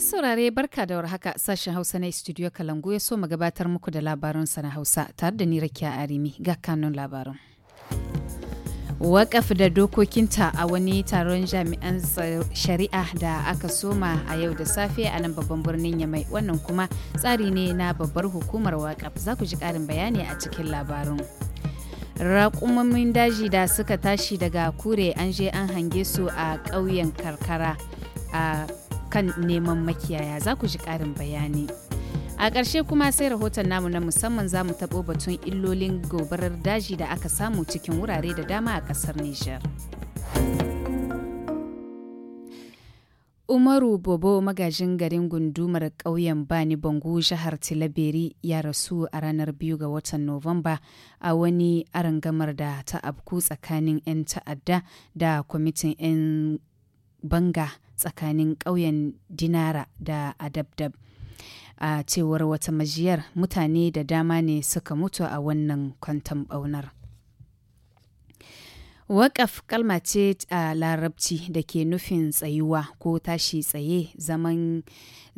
Masu saurare barka da warhaka sashen Hausa na Studio Kalangu ya so magabatar gabatar muku da labaran na Hausa tare da ni Rakiya Arimi ga kanun labaran. Wakaf da dokokinta a wani taron jami'an shari'a da aka soma a yau da safe a nan babban birnin Yamai wannan kuma tsari ne na babbar hukumar wakaf za ku ji ƙarin bayani a cikin labarun. raƙumomin daji da suka tashi daga kure an je an hange su a ƙauyen karkara a kan neman makiyaya za ku ji ƙarin bayani. A ƙarshe kuma sai rahoton namu na musamman za mu taɓo batun illolin gobarar daji da aka samu cikin wurare da dama a ƙasar Nijar. Umaru Bobo magajin garin gundumar ƙauyen Bani Bangu jihar Tilaberi ya rasu a ranar biyu ga watan Nuwamba a wani arangamar da ta abku tsakanin 'yan ta'adda da kwamitin 'yan banga tsakanin ƙauyen dinara da adabdab a cewar wata majiyar mutane da dama ne suka mutu a wannan kwantan ɓaunar Waƙaf kalma ce a larabci da ke nufin tsayuwa ko tashi tsaye zaman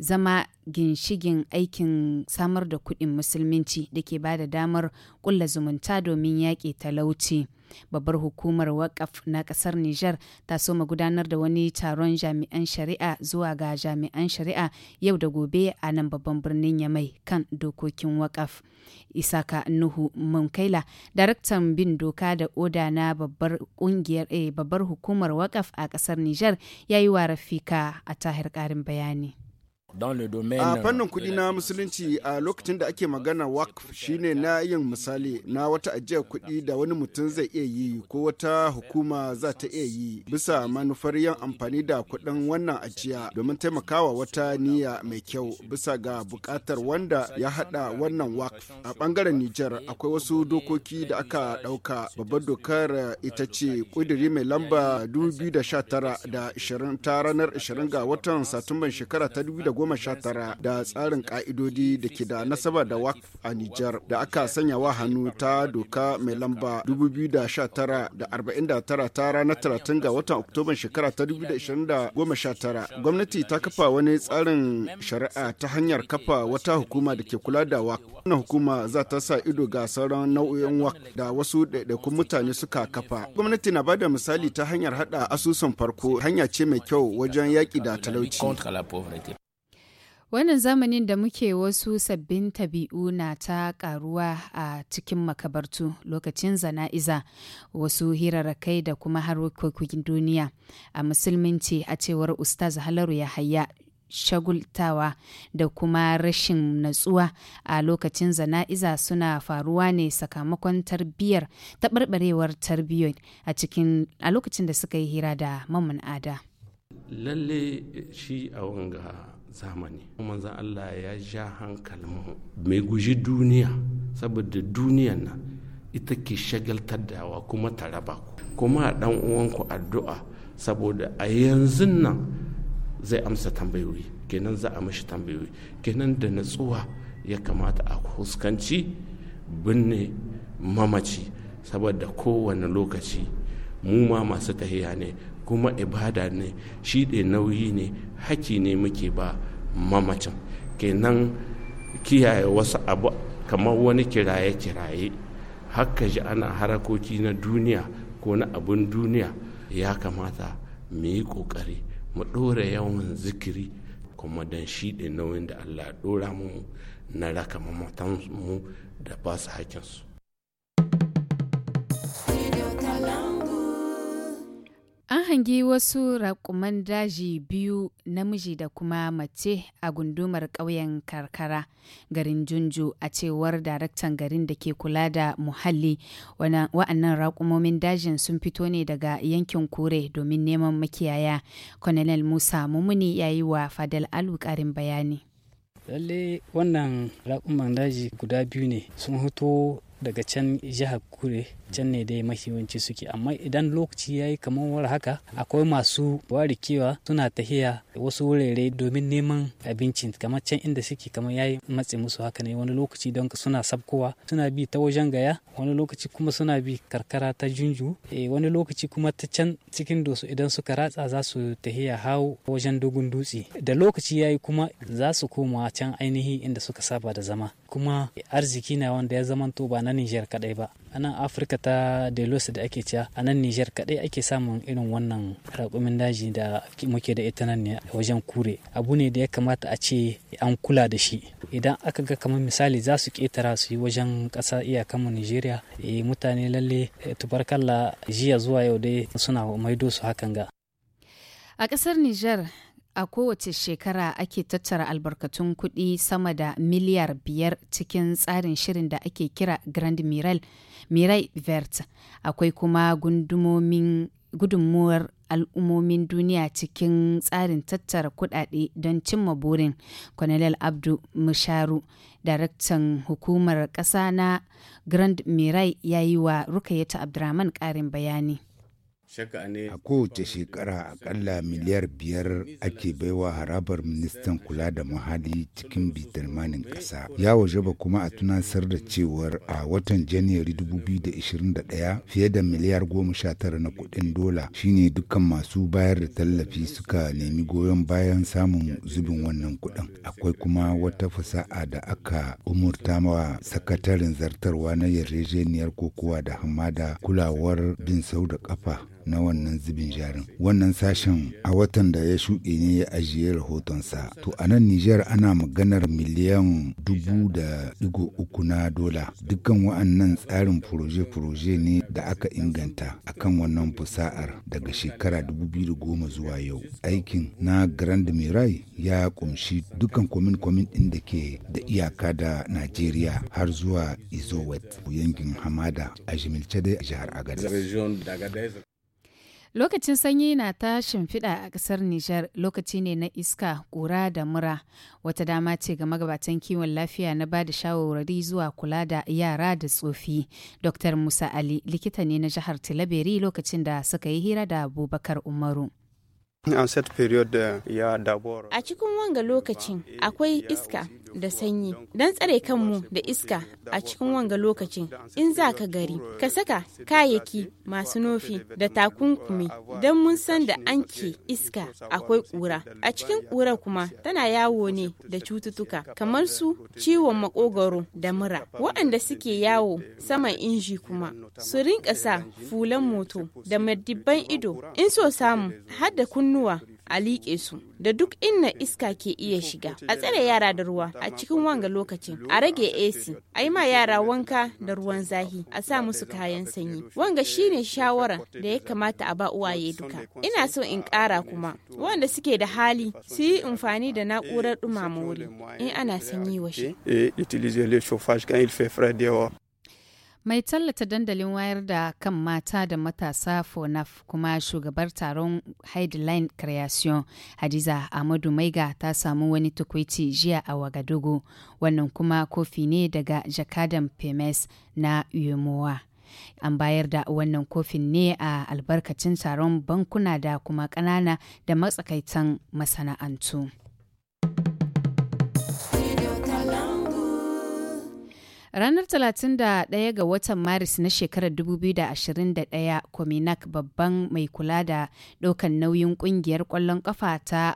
zama ginshigin aikin samar da kuɗin musulminci da ke ba da damar ƙulla zumunta domin yaƙi talauci. babbar hukumar wakaf na ƙasar Nijar ta soma gudanar da wani taron jami'an shari'a zuwa ga jami'an shari'a yau da gobe a nan babban birnin Yamai kan dokokin wakaf. Isaka Nuhu Munkaila, daraktan bin doka da oda na babbar kungiyar eh, babbar hukumar wakaf a ƙasar Nijar ya yi wa Rafika a tahir ƙarin bayani. A fannin kuɗi na musulunci a lokacin da ake magana wak shine na yin misali na wata ajiyar kuɗi da wani mutum zai iya yi ko wata hukuma za ta iya yi bisa manufar yin amfani da kuɗin wannan ajiya domin taimakawa wata niyya mai kyau bisa ga buƙatar wanda ya haɗa wannan wakf. A bangaren Nijar akwai wasu dokoki da aka ɗauka babbar dokar ita ce ƙudiri mai lamba 2019 da 20 ta ranar 20 ga watan Satumban shekara ta goma sha tara da tsarin ka'idodi da ke da nasaba da wakf a Nijar da aka sanya wa hannu ta doka mai lamba 2019 da 49 ta ranar 30 ga watan Oktoban shekara ta 2019. Gwamnati ta kafa wani tsarin shari'a ta hanyar kafa wata hukuma da ke kula da wakf. Wannan hukuma za ta sa ido ga sauran nau'o'in wakf da wasu ɗaiɗaikun mutane suka kafa. Gwamnati na bada misali ta hanyar haɗa asusun farko hanya ce mai kyau wajen yaƙi da talauci. Wannan zamanin da muke wasu sabbin tabi'u na ta karuwa a cikin makabartu lokacin zana'iza wasu hirarrakai da kuma harkokin duniya a musulminci a cewar Ustaz Halaru ya haya shagultawa da kuma rashin natsuwa a lokacin zana'iza suna faruwa ne sakamakon tarbiyyar taɓarɓarewar tarbiyyar a cikin a lokacin da suka yi hira da mamman ada lalle shi a wanga zamani manzan Allah ya ja hankalin mai guji duniya saboda duniyan nan ita ke shagaltar dawa kuma ta raba ku kuma a dan uwanku addu'a saboda a yanzu nan zai amsa tambayoyi kenan za a mashi tambayoyi kenan da natsuwa ya kamata a huskanci binne mamaci saboda kowane lokaci mu ma masu tahiya ne kuma ibada ne shi ɗe nauyi ne haki ne muke ba mamacin kenan kiyaye wasu abu kamar wani kiraye-kiraye haka ji ana harakoki na duniya ko na abun duniya ya kamata mu yi ƙoƙari mu ɗora yawan zikiri kuma don shi ɗe nauyin da allah ɗora mu na raka mu da ba su hakinsu An hangi wasu raƙuman daji biyu namiji da kuma mace a gundumar ƙauyen karkara garin Junju a cewar daraktan garin da ke kula da muhalli. Wa'annan raƙumomin dajin sun fito ne daga yankin kure domin neman makiyaya. Colonel Musa Mumuni ya yi wa Fadal Alu ƙarin bayani. Lalle wannan raƙuman daji guda biyu ne sun fito daga can jihar kure can ne dai mahiwanci suke amma idan lokaci ya yi kamar war haka akwai masu warikewa suna tahiya wasu wurare domin neman abincin kamar can inda suke kamar ya yi matse musu haka ne wani lokaci don suna sabkowa suna bi ta wajen gaya wani lokaci kuma suna bi karkara ta junju eh, wani lokaci kuma ta can cikin dosu idan suka ratsa za su tahiya hau wajen dogon dutse da lokaci ya yi kuma za su koma can ainihi inda suka saba da zama kuma arziki na wanda ya zamanto ba na Nijar kadai ba a nan afirka ta delos da ake cewa a nan nijar kaɗai ake samun irin wannan raƙumin daji da muke da ita nan ne wajen kure abu ne da ya kamata a ce an kula da shi idan aka ga kamar misali za su ƙetara su yi wajen ƙasa iyakanmu nigeria eh, mutane lalle eh, tubarkalla jiya zuwa yau dai suna maido su hakan ga a ƙasar niger. A kowace shekara ake tattara albarkatun kuɗi sama da miliyar biyar cikin tsarin shirin da ake kira Grand Mirai Vert. Akwai kuma gundumomin gudunmuwar al'ummomin duniya cikin tsarin tattara kudade don cimma burin colonel abdu musharu daraktan hukumar ƙasa na grand mirai ya yi wa rukayeta abdurrahman ƙarin bayani A kowace shekara akalla miliyar biyar ake baiwa harabar ministan kula da muhalli cikin bitalmanin ƙasa. Ya wajaba kuma a tunasar da cewar a watan Janairu 2021 fiye da miliyar goma sha tara na kuɗin dola shine dukkan masu bayar da tallafi suka nemi goyon bayan samun zubin wannan kuɗin. Akwai kuma wata fasa'a da aka umurta wa sakataren zartarwa na yarjejeniyar kokowa da hamada kulawar bin sau da kafa na wannan zubin jarin wannan sashen a watan da ya shuɗe ne ya ajiye rahotonsa to a nan nijar ana maganar miliyan dubu da digo uku na dola dukkan wa'annan tsarin furoje-furoje ne da aka inganta akan wannan fusa'ar daga shekara 2010 zuwa yau aikin na grand mirai ya kumshi dukkan komin komin ɗin da ke da iyaka da najeriya har zuwa izowet yankin hamada a jimilce dai jihar agadez Lokacin sanyi na ta shimfiɗa a ƙasar Nijar lokaci ne na iska, ƙura da mura. Wata dama ce ga magabatan kiwon lafiya na ba da shawarwari zuwa kula da yara da tsofi. Dr. Musa Ali likita ne na jihar Tilaberi lokacin da suka yi hira da Abubakar Umaru. A eh, cikin wanga lokacin akwai iska da sanyi don tsare kanmu da iska a cikin wanga lokacin in za ka gari ka saka kayayyaki masu nofi da takunkumi don mun san da an ke iska akwai ƙura a cikin ƙura kuma tana yawo ne da cututtuka kamar su ciwon makogaro da mura waɗanda suke yawo saman inji kuma su rinka sa fulan moto da madibban ido in so samu har kunnuwa a liƙe su da duk inna iska ke iya shiga a tsare yara da ruwa a cikin wanga lokacin a rage AC a yi ma yara wanka da ruwan zahi a sa musu kayan sanyi wanga shine shawara da ya kamata a ba uwaye duka ina so in ƙara kuma wanda suke da hali su yi amfani da na'urar dumama wuri in ana sanyi washe Mai tallata dandalin wayar da kan mata da matasa FONAF kuma shugabar taron Headline Creation Hadiza Ahmadu Maiga ta samu wani tukwici jiya a Wagadugu wannan kuma kofi ne daga jakadan PMS na yomowa An bayar da wannan kofin ne a albarkacin taron bankuna da kuma ƙanana da matsakaitan masana'antu. Ranar 31 ga watan Maris na shekarar 2021, Kominak babban mai kula da ɗaukan nauyin ƙungiyar ƙwallon ƙafa ta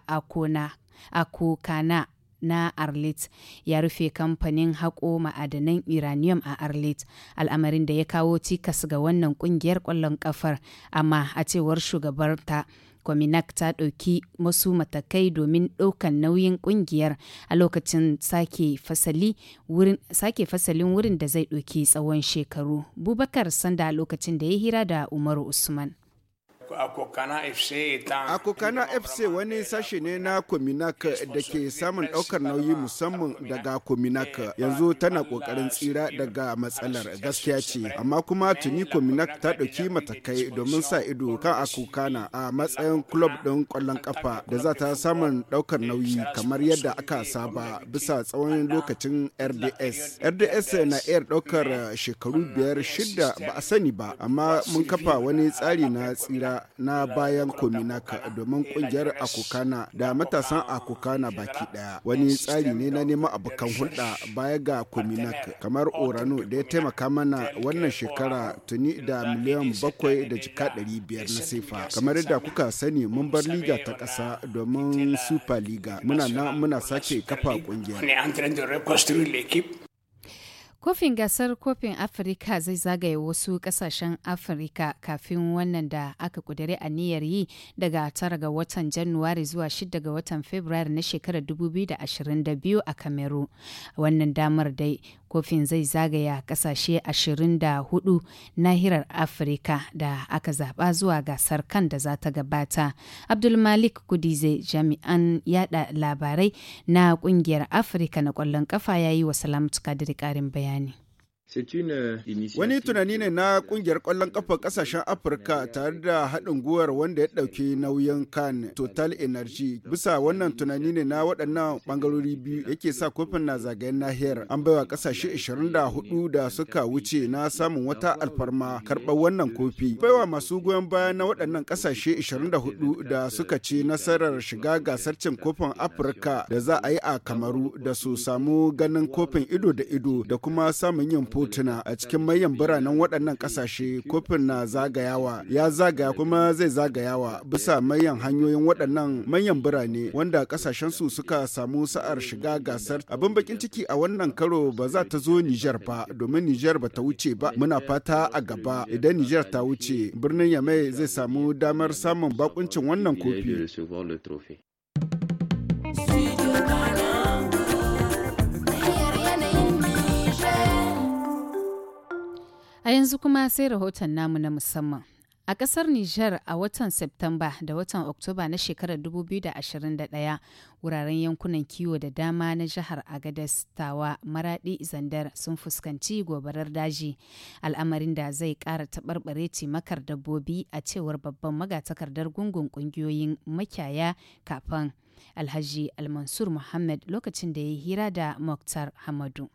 Akokana na Arlit ya rufe kamfanin haƙo ma'adanan uranium a Arlit, al'amarin da ya kawo tikas ga wannan ƙungiyar ƙwallon ƙafar, amma a cewar shugabarta Kwaminak ta ɗauki masu matakai domin ɗaukan nauyin ƙungiyar a lokacin sake sake fasalin wurin da zai ɗauki tsawon shekaru. Bubakar Sanda lokacin da ya hira da Umaru Usman. a kokana FC wani sashe ne na Kominak da ke samun daukar nauyi musamman daga Kominak eh, yanzu tana kokarin tsira daga matsalar gaskiya ce amma kuma tuni Kominak ta ɗauki matakai domin sa ido kan Akokana a matsayin club din kwallon kafa da za ta samun daukar nauyi kamar yadda aka saba bisa tsawon lokacin RDS. RDS na iya ɗaukar shekaru biyar shida ba a sani ba amma mun kafa wani tsari na tsira na bayan Kominaka domin kungiyar Akukana da matasan Akukana baki daya. Wani tsari ne na neman abokan hulɗa baya ga Kominak kamar Orano da ya taimaka mana wannan shekara tuni da miliyan bakwai da jika ɗari biyar na sefa. Kamar yadda kuka sani mun bar liga ta ƙasa domin Super Liga. Muna na muna sake kafa kungiyar. Kofin gasar Kofin Afirka zai zagaye wasu kasashen Afirka kafin wannan da aka a niyyar yi daga tara ga watan Januwari zuwa 6 ga watan Fabrairu na shekarar 2022 a Kameru. Wannan damar dai kofin zai zagaya kasashe 24 nahirar afirka da aka zaba zuwa gasar kan da za ta gabata abdulmalik kudize jami'an yada labarai na kungiyar afirka na kwallon kafa ya yi wa salamtu kadiri karin bayani Wani tunani ne na kungiyar ƙwallon ƙafar ƙasashen Afirka tare da haɗin guwar wanda ya ɗauki nauyin kan Total Energy. Bisa wannan tunani ne na waɗannan ɓangarori biyu yake sa kofin na zagayen nahiyar. An baiwa ƙasashe 24 da suka wuce na samun wata alfarma karɓar wannan kofi. Baiwa masu goyon baya na waɗannan ƙasashe 24 da suka ci nasarar shiga gasar cin kofin Afirka da za a yi a Kamaru da su samu ganin kofin ido da ido da kuma samun yin kotuna a cikin manyan biranen waɗannan ƙasashe kofin na zagayawa ya zagaya kuma zai zagayawa bisa manyan hanyoyin waɗannan manyan birane wanda su suka samu sa'ar shiga gasar abin bakin ciki a wannan karo ba za ta zo Nijar ba domin Nijar ba ta wuce ba muna fata a gaba idan Nijar ta wuce birnin Yamai zai samu damar samun bakuncin wannan kofi. A yanzu kuma sai rahoton namu na musamman. A ƙasar Nijar a watan Septemba da watan Oktoba na shekarar 2021 wuraren yankunan kiwo da dama na jihar Agadez, Tawa, Maradi, Zandar sun fuskanci gobarar daji, al'amarin da zai ƙara taɓarɓare cimakar dabbobi a cewar babban magatakardar gungun ƙungiyoyin makyaya kafin Alhaji Almansur Muhammad lokacin da ya hira da Muktar Hamadu.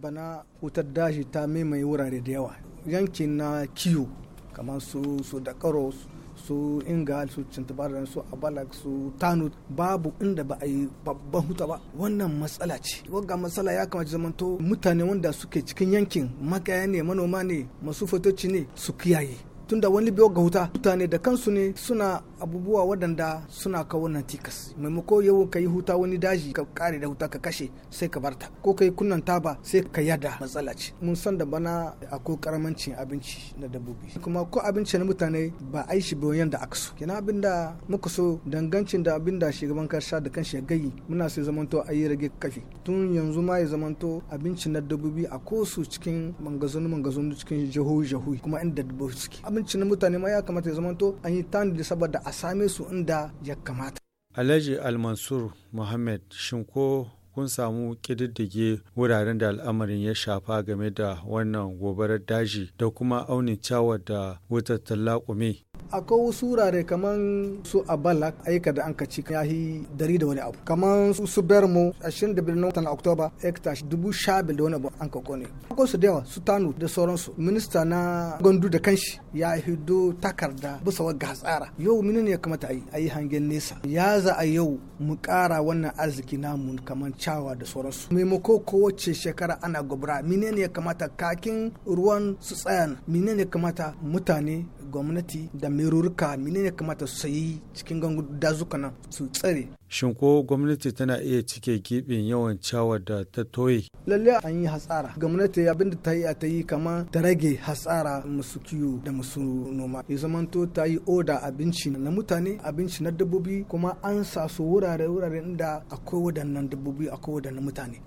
bana wutar daji ta maimaye wurare da yawa yankin na kiyo kamar su su dakaro su ingal su cintabar su abalak su tanu babu inda ba a yi babban huta ba wannan matsala ce wagga matsala ya kamata zamanto mutane wanda suke cikin yankin makaya ne manoma ne masu fotoci ne su kiyaye tunda wani biyo ga huta mutane da kansu ne suna abubuwa waɗanda suna kawo nan tikas maimako yau ka yi huta wani daji ka kare da huta ka kashe sai ka barta ko ka yi kunnan taba sai ka yada matsala ce mun san da bana akwai karamancin abinci na dabbobi kuma ko abinci na mutane ba a yi shi ba da aka so kina abin muka so dangancin da abin da shugaban kasa da kanshi ya gayi muna so zamanto a yi rage kafi tun yanzu ma ya zamanto abinci na dabbobi a kosu cikin mangazonu mangazonu cikin jihohi jihohi kuma inda dabbobi suke abin abinci na mutane ma ya kamata ya zamanto an yi tanadi saboda a same su inda ya kamata. Alhaji Almansur Muhammad Shinko kun samu kididdige wuraren da al'amarin ya shafa game da wannan gobarar daji da kuma aunin cawar da wutar talakume. akwai wasu wurare kamar su a balak aika da an kaci ya yi dari da wani abu kamar su su bermo 25 watan oktoba hekta dubu sha da wani abu an kako ne akwai su d'awa su tanu da sauransu minista na gandu da kanshi ya hido takarda bisa wa gatsara yau mini ne ya kamata a yi a yi hangen nesa ya za a yau mu kara wannan arziki namu kamar cawa da sauransu maimako kowace shekara ana gobra mine ne ya kamata kakin ruwan su tsayan mine ne ya kamata mutane gwamnati da merurruka menene kamata su sayi cikin gangun dazuka nan su tsare shin ko gwamnati tana iya cike gibin yawan ciyawar da ta toye lalle an yi hatsara gwamnati abin da ta yi a ta yi kama ta rage hatsara musu kiwo da musu noma ya zamanto ta yi oda abinci na mutane abinci na dabbobi kuma an sa su wurare wurare inda akwai wadannan dabbobi akwai wadannan mutane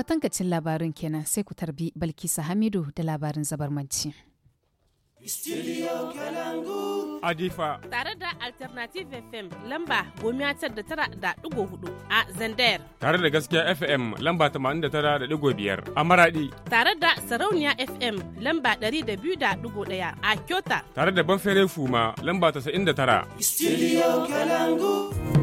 Kwatankacin labarin kenan sai ku tarbi Balkisa Hamidu da labarin zabarmanci. Adifa. Tare da Alternative FM lamba gomi tar da tara da ɗigo hudu a Zandayar. Tare da gaskiya FM lamba tamanin da tara da ɗigo biyar a Maradi. Tare da Sarauniya FM lamba ɗari da biyu da ɗigo ɗaya a Kyota. Tare da Banfere Fuma lamba tasa'in da tara. Studio Kalangu.